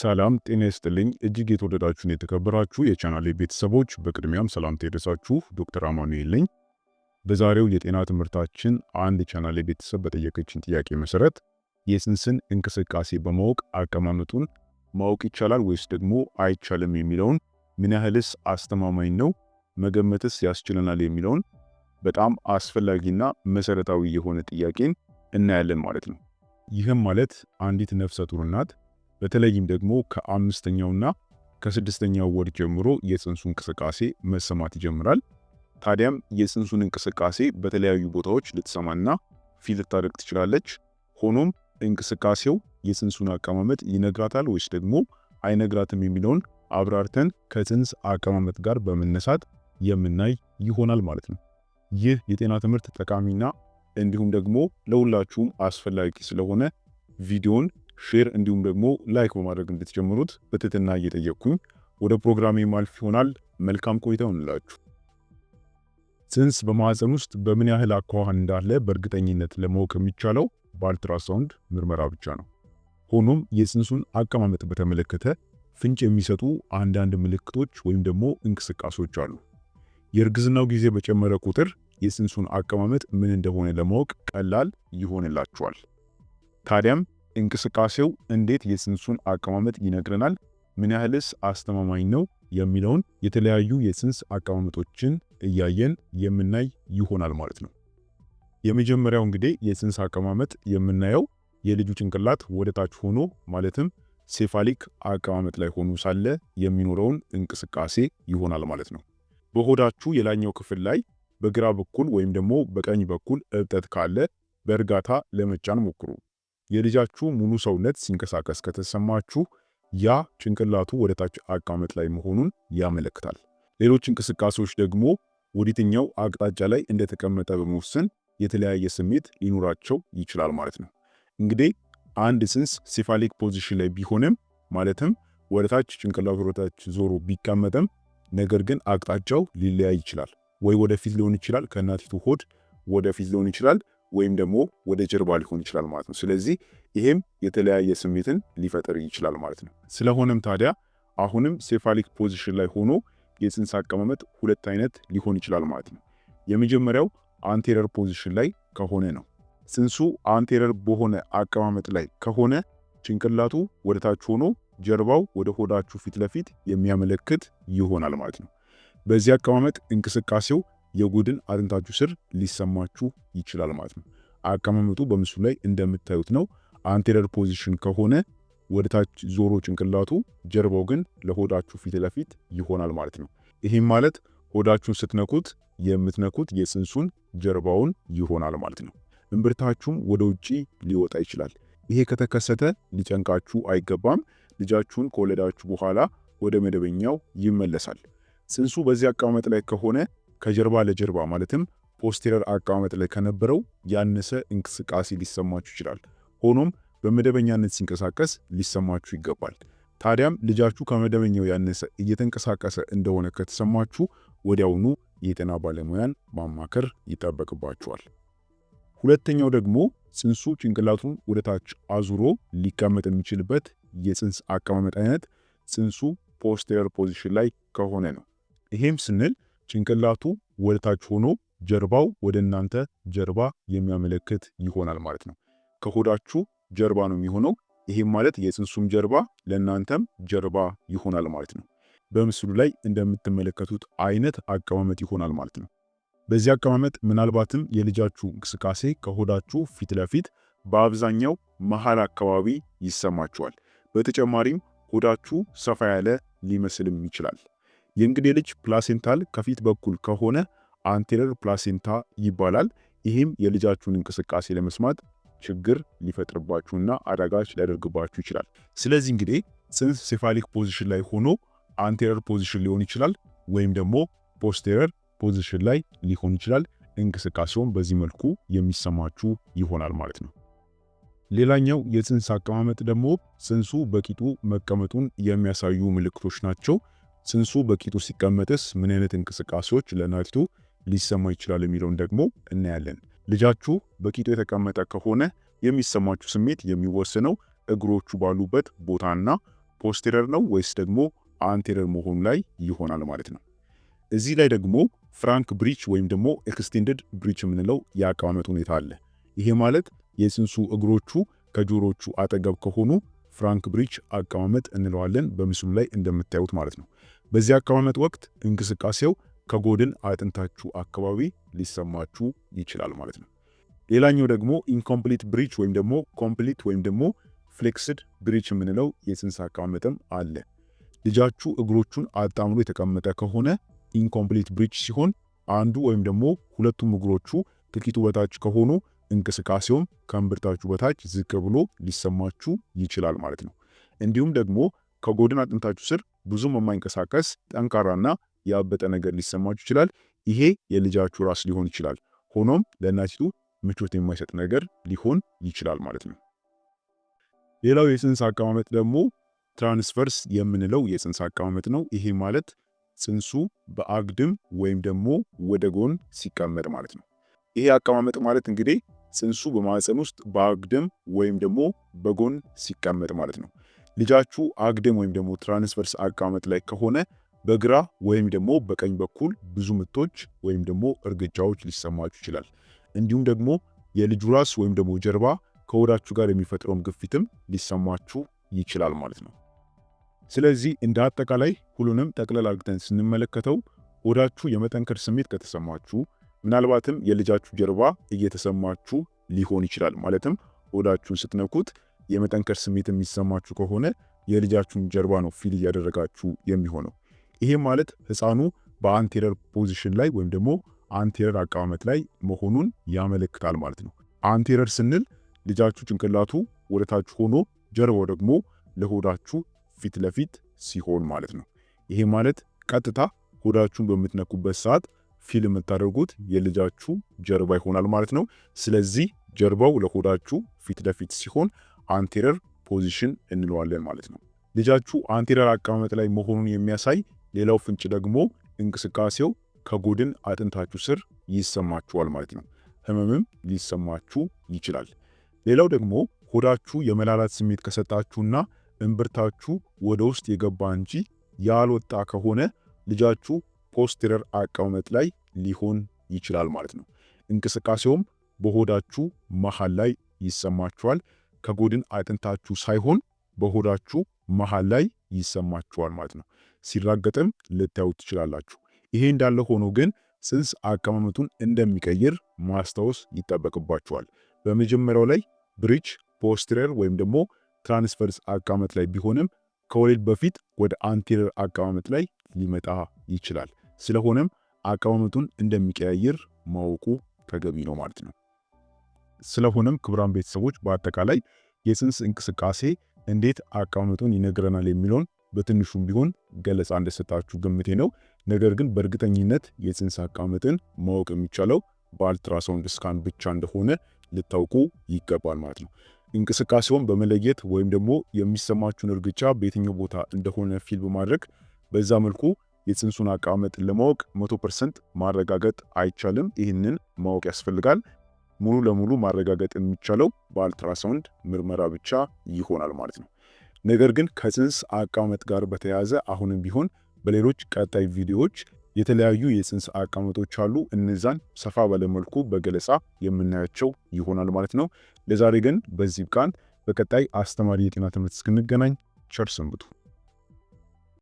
ሰላም ጤና ይስጥልኝ። እጅግ የተወደዳችሁን የተከበራችሁ የቻናሌ ቤተሰቦች በቅድሚያም ሰላምታ ይድረሳችሁ። ዶክተር አማኑኤል ነኝ። በዛሬው የጤና ትምህርታችን አንድ የቻናሌ ቤተሰብ በጠየቀችን ጥያቄ መሰረት የስንስን እንቅስቃሴ በማወቅ አቀማመጡን ማወቅ ይቻላል ወይስ ደግሞ አይቻልም የሚለውን ምን ያህልስ አስተማማኝ ነው መገመትስ ያስችለናል የሚለውን በጣም አስፈላጊና መሰረታዊ የሆነ ጥያቄን እናያለን ማለት ነው። ይህም ማለት አንዲት ነፍሰ ጡር እናት በተለይም ደግሞ ከአምስተኛውና ከስድስተኛው ወር ጀምሮ የፅንሱ እንቅስቃሴ መሰማት ይጀምራል። ታዲያም የፅንሱን እንቅስቃሴ በተለያዩ ቦታዎች ልትሰማና ፊት ልታደርግ ትችላለች። ሆኖም እንቅስቃሴው የፅንሱን አቀማመጥ ይነግራታል ወይስ ደግሞ አይነግራትም የሚለውን አብራርተን ከፅንስ አቀማመጥ ጋር በመነሳት የምናይ ይሆናል ማለት ነው። ይህ የጤና ትምህርት ጠቃሚና እንዲሁም ደግሞ ለሁላችሁም አስፈላጊ ስለሆነ ቪዲዮን ሼር እንዲሁም ደግሞ ላይክ በማድረግ እንድትጀምሩት በትህትና እየጠየቅኩኝ ወደ ፕሮግራሜ ማልፍ ይሆናል። መልካም ቆይታ ይሁንላችሁ። ፅንስ በማህፀን ውስጥ በምን ያህል አኳኋን እንዳለ በእርግጠኝነት ለማወቅ የሚቻለው በአልትራሳውንድ ምርመራ ብቻ ነው። ሆኖም የፅንሱን አቀማመጥ በተመለከተ ፍንጭ የሚሰጡ አንዳንድ ምልክቶች ወይም ደግሞ እንቅስቃሴዎች አሉ። የእርግዝናው ጊዜ በጨመረ ቁጥር የፅንሱን አቀማመጥ ምን እንደሆነ ለማወቅ ቀላል ይሆንላችኋል። ታዲያም እንቅስቃሴው እንዴት የፅንሱን አቀማመጥ ይነግረናል? ምን ያህልስ አስተማማኝ ነው የሚለውን የተለያዩ የፅንስ አቀማመጦችን እያየን የምናይ ይሆናል ማለት ነው። የመጀመሪያው እንግዲህ የፅንስ አቀማመጥ የምናየው የልጁ ጭንቅላት ወደ ታች ሆኖ ማለትም ሴፋሊክ አቀማመጥ ላይ ሆኖ ሳለ የሚኖረውን እንቅስቃሴ ይሆናል ማለት ነው። በሆዳችሁ የላይኛው ክፍል ላይ በግራ በኩል ወይም ደግሞ በቀኝ በኩል እብጠት ካለ በእርጋታ ለመጫን ሞክሩ። የልጃችሁ ሙሉ ሰውነት ሲንቀሳቀስ ከተሰማችሁ ያ ጭንቅላቱ ወደታች አቀማመጥ ላይ መሆኑን ያመለክታል። ሌሎች እንቅስቃሴዎች ደግሞ ወደየትኛው አቅጣጫ ላይ እንደተቀመጠ በመወሰን የተለያየ ስሜት ሊኖራቸው ይችላል ማለት ነው። እንግዲህ አንድ ጽንስ ሴፋሊክ ፖዚሽን ላይ ቢሆንም ማለትም ወደታች ጭንቅላቱ ወደታች ዞሮ ቢቀመጥም ነገር ግን አቅጣጫው ሊለያይ ይችላል። ወይ ወደፊት ሊሆን ይችላል፣ ከእናቲቱ ሆድ ወደፊት ሊሆን ይችላል ወይም ደግሞ ወደ ጀርባ ሊሆን ይችላል ማለት ነው። ስለዚህ ይሄም የተለያየ ስሜትን ሊፈጥር ይችላል ማለት ነው። ስለሆነም ታዲያ አሁንም ሴፋሊክ ፖዚሽን ላይ ሆኖ የፅንስ አቀማመጥ ሁለት አይነት ሊሆን ይችላል ማለት ነው። የመጀመሪያው አንቴረር ፖዚሽን ላይ ከሆነ ነው። ፅንሱ አንቴረር በሆነ አቀማመጥ ላይ ከሆነ ጭንቅላቱ ወደታች ሆኖ ጀርባው ወደ ሆዳችሁ ፊት ለፊት የሚያመለክት ይሆናል ማለት ነው። በዚህ አቀማመጥ እንቅስቃሴው የጎድን አጥንታችሁ ስር ሊሰማችሁ ይችላል ማለት ነው። አቀማመጡ በምስሉ ላይ እንደምታዩት ነው። አንቴረር ፖዚሽን ከሆነ ወደ ታች ዞሮ ጭንቅላቱ፣ ጀርባው ግን ለሆዳችሁ ፊት ለፊት ይሆናል ማለት ነው። ይህም ማለት ሆዳችሁን ስትነኩት የምትነኩት የፅንሱን ጀርባውን ይሆናል ማለት ነው። እምብርታችሁም ወደ ውጭ ሊወጣ ይችላል። ይሄ ከተከሰተ ሊጨንቃችሁ አይገባም። ልጃችሁን ከወለዳችሁ በኋላ ወደ መደበኛው ይመለሳል። ፅንሱ በዚህ አቀማመጥ ላይ ከሆነ ከጀርባ ለጀርባ ማለትም ፖስቴረር አቀማመጥ ላይ ከነበረው ያነሰ እንቅስቃሴ ሊሰማችሁ ይችላል። ሆኖም በመደበኛነት ሲንቀሳቀስ ሊሰማችሁ ይገባል። ታዲያም ልጃችሁ ከመደበኛው ያነሰ እየተንቀሳቀሰ እንደሆነ ከተሰማችሁ ወዲያውኑ የጤና ባለሙያን ማማከር ይጠበቅባችኋል። ሁለተኛው ደግሞ ጽንሱ ጭንቅላቱን ወደታች አዙሮ ሊቀመጥ የሚችልበት የጽንስ አቀማመጥ አይነት ጽንሱ ፖስቴሪየር ፖዚሽን ላይ ከሆነ ነው። ይሄም ስንል ጭንቅላቱ ወደታች ሆኖ ጀርባው ወደ እናንተ ጀርባ የሚያመለክት ይሆናል ማለት ነው። ከሆዳችሁ ጀርባ ነው የሚሆነው። ይህም ማለት የፅንሱም ጀርባ ለእናንተም ጀርባ ይሆናል ማለት ነው። በምስሉ ላይ እንደምትመለከቱት አይነት አቀማመጥ ይሆናል ማለት ነው። በዚህ አቀማመጥ ምናልባትም የልጃችሁ እንቅስቃሴ ከሆዳችሁ ፊት ለፊት በአብዛኛው መሃል አካባቢ ይሰማችኋል። በተጨማሪም ሆዳችሁ ሰፋ ያለ ሊመስልም ይችላል። የእንግዴ ልጅ ፕላሴንታል ከፊት በኩል ከሆነ አንቴረር ፕላሴንታ ይባላል። ይህም የልጃችሁን እንቅስቃሴ ለመስማት ችግር ሊፈጥርባችሁና አዳጋች ሊያደርግባችሁ ይችላል። ስለዚህ እንግዲህ ስንስ ሴፋሊክ ፖዚሽን ላይ ሆኖ አንቴረር ፖዚሽን ሊሆን ይችላል ወይም ደግሞ ፖስቴረር ፖዚሽን ላይ ሊሆን ይችላል። እንቅስቃሴውን በዚህ መልኩ የሚሰማችሁ ይሆናል ማለት ነው። ሌላኛው የፅንስ አቀማመጥ ደግሞ ፅንሱ በቂጡ መቀመጡን የሚያሳዩ ምልክቶች ናቸው። ጽንሱ በቂጡ ሲቀመጥስ ምን አይነት እንቅስቃሴዎች ለእናቲቱ ሊሰማ ይችላል የሚለውን ደግሞ እናያለን። ልጃችሁ በቂጡ የተቀመጠ ከሆነ የሚሰማችሁ ስሜት የሚወሰነው እግሮቹ ባሉበት ቦታና ፖስቴረር ነው ወይስ ደግሞ አንቴረር መሆኑ ላይ ይሆናል ማለት ነው። እዚህ ላይ ደግሞ ፍራንክ ብሪች ወይም ደግሞ ኤክስቴንድድ ብሪች የምንለው የአቀማመጥ ሁኔታ አለ። ይሄ ማለት የጽንሱ እግሮቹ ከጆሮቹ አጠገብ ከሆኑ ፍራንክ ብሪጅ አቀማመጥ እንለዋለን በምስሉ ላይ እንደምታዩት ማለት ነው። በዚህ አቀማመጥ ወቅት እንቅስቃሴው ከጎድን አጥንታችሁ አካባቢ ሊሰማችሁ ይችላል ማለት ነው። ሌላኛው ደግሞ ኢንኮምፕሊት ብሪጅ ወይም ደግሞ ኮምፕሊት ወይም ደግሞ ፍሌክስድ ብሪጅ የምንለው የስንስ አቀማመጥም አለ። ልጃችሁ እግሮቹን አጣምሮ የተቀመጠ ከሆነ ኢንኮምፕሊት ብሪጅ ሲሆን አንዱ ወይም ደግሞ ሁለቱም እግሮቹ ጥቂቱ በታች ከሆኑ እንቅስቃሴውም ከእምብርታችሁ በታች ዝቅ ብሎ ሊሰማችሁ ይችላል ማለት ነው። እንዲሁም ደግሞ ከጎድን አጥንታችሁ ስር ብዙም የማይንቀሳቀስ ጠንካራና ያበጠ ነገር ሊሰማችሁ ይችላል። ይሄ የልጃችሁ ራስ ሊሆን ይችላል። ሆኖም ለእናቲቱ ምቾት የማይሰጥ ነገር ሊሆን ይችላል ማለት ነው። ሌላው የፅንስ አቀማመጥ ደግሞ ትራንስቨርስ የምንለው የፅንስ አቀማመጥ ነው። ይሄ ማለት ፅንሱ በአግድም ወይም ደግሞ ወደ ጎን ሲቀመጥ ማለት ነው። ይሄ አቀማመጥ ማለት እንግዲህ ጽንሱ በማህፀን ውስጥ በአግድም ወይም ደግሞ በጎን ሲቀመጥ ማለት ነው። ልጃችሁ አግድም ወይም ደግሞ ትራንስቨርስ አቀማመጥ ላይ ከሆነ በግራ ወይም ደግሞ በቀኝ በኩል ብዙ ምቶች ወይም ደግሞ እርግጃዎች ሊሰማችሁ ይችላል። እንዲሁም ደግሞ የልጁ ራስ ወይም ደግሞ ጀርባ ከወዳችሁ ጋር የሚፈጥረውም ግፊትም ሊሰማችሁ ይችላል ማለት ነው። ስለዚህ እንደ አጠቃላይ ሁሉንም ጠቅለል አድርገን ስንመለከተው ወዳችሁ የመጠንከር ስሜት ከተሰማችሁ ምናልባትም የልጃችሁ ጀርባ እየተሰማችሁ ሊሆን ይችላል። ማለትም ሆዳችሁን ስትነኩት የመጠንከር ስሜት የሚሰማችሁ ከሆነ የልጃችሁን ጀርባ ነው ፊል እያደረጋችሁ የሚሆነው። ይህም ማለት ህፃኑ በአንቴረር ፖዚሽን ላይ ወይም ደግሞ አንቴረር አቀማመጥ ላይ መሆኑን ያመለክታል ማለት ነው። አንቴረር ስንል ልጃችሁ ጭንቅላቱ ወደታች ሆኖ ጀርባው ደግሞ ለሆዳችሁ ፊት ለፊት ሲሆን ማለት ነው። ይሄ ማለት ቀጥታ ሆዳችሁን በምትነኩበት ሰዓት ፊል የምታደርጉት የልጃችሁ ጀርባ ይሆናል ማለት ነው። ስለዚህ ጀርባው ለሆዳችሁ ፊት ለፊት ሲሆን አንቴረር ፖዚሽን እንለዋለን ማለት ነው። ልጃችሁ አንቴረር አቀማመጥ ላይ መሆኑን የሚያሳይ ሌላው ፍንጭ ደግሞ እንቅስቃሴው ከጎድን አጥንታችሁ ስር ይሰማችኋል ማለት ነው። ህመምም ሊሰማችሁ ይችላል። ሌላው ደግሞ ሆዳችሁ የመላላት ስሜት ከሰጣችሁና እምብርታችሁ ወደ ውስጥ የገባ እንጂ ያልወጣ ከሆነ ልጃችሁ ፖስቴረር አቀማመጥ ላይ ሊሆን ይችላል ማለት ነው። እንቅስቃሴውም በሆዳችሁ መሃል ላይ ይሰማችኋል። ከጎድን አጥንታችሁ ሳይሆን በሆዳችሁ መሃል ላይ ይሰማችኋል ማለት ነው። ሲራገጥም ልታዩት ትችላላችሁ። ይሄ እንዳለ ሆኖ ግን ጽንስ አቀማመጡን እንደሚቀይር ማስታወስ ይጠበቅባችኋል። በመጀመሪያው ላይ ብሪጅ ፖስቴሪየር ወይም ደግሞ ትራንስፈርስ አቀማመጥ ላይ ቢሆንም ከወሊድ በፊት ወደ አንቴሪየር አቀማመጥ ላይ ሊመጣ ይችላል። ስለሆነም አቀማመጡን እንደሚቀያይር ማወቁ ተገቢ ነው ማለት ነው። ስለሆነም ክቡራን ቤተሰቦች በአጠቃላይ የፅንስ እንቅስቃሴ እንዴት አቀማመጡን ይነግረናል የሚለውን በትንሹም ቢሆን ገለጻ እንደሰጣችሁ ግምቴ ነው። ነገር ግን በእርግጠኝነት የፅንስ አቀማመጥን ማወቅ የሚቻለው በአልትራሳውንድ ስካን ብቻ እንደሆነ ልታውቁ ይገባል ማለት ነው። እንቅስቃሴውን በመለየት ወይም ደግሞ የሚሰማችሁን እርግጫ በየትኛው ቦታ እንደሆነ ፊል በማድረግ በዛ መልኩ የፅንሱን አቀማመጥ ለማወቅ 100% ማረጋገጥ አይቻልም። ይህንን ማወቅ ያስፈልጋል። ሙሉ ለሙሉ ማረጋገጥ የሚቻለው በአልትራሳውንድ ምርመራ ብቻ ይሆናል ማለት ነው። ነገር ግን ከፅንስ አቀማመጥ ጋር በተያያዘ አሁንም ቢሆን በሌሎች ቀጣይ ቪዲዮዎች የተለያዩ የፅንስ አቀማመጦች አሉ። እነዛን ሰፋ ባለመልኩ በገለጻ የምናያቸው ይሆናል ማለት ነው። ለዛሬ ግን በዚህ ቃን በቀጣይ አስተማሪ የጤና ትምህርት እስክንገናኝ ቸር ሰንብቱ።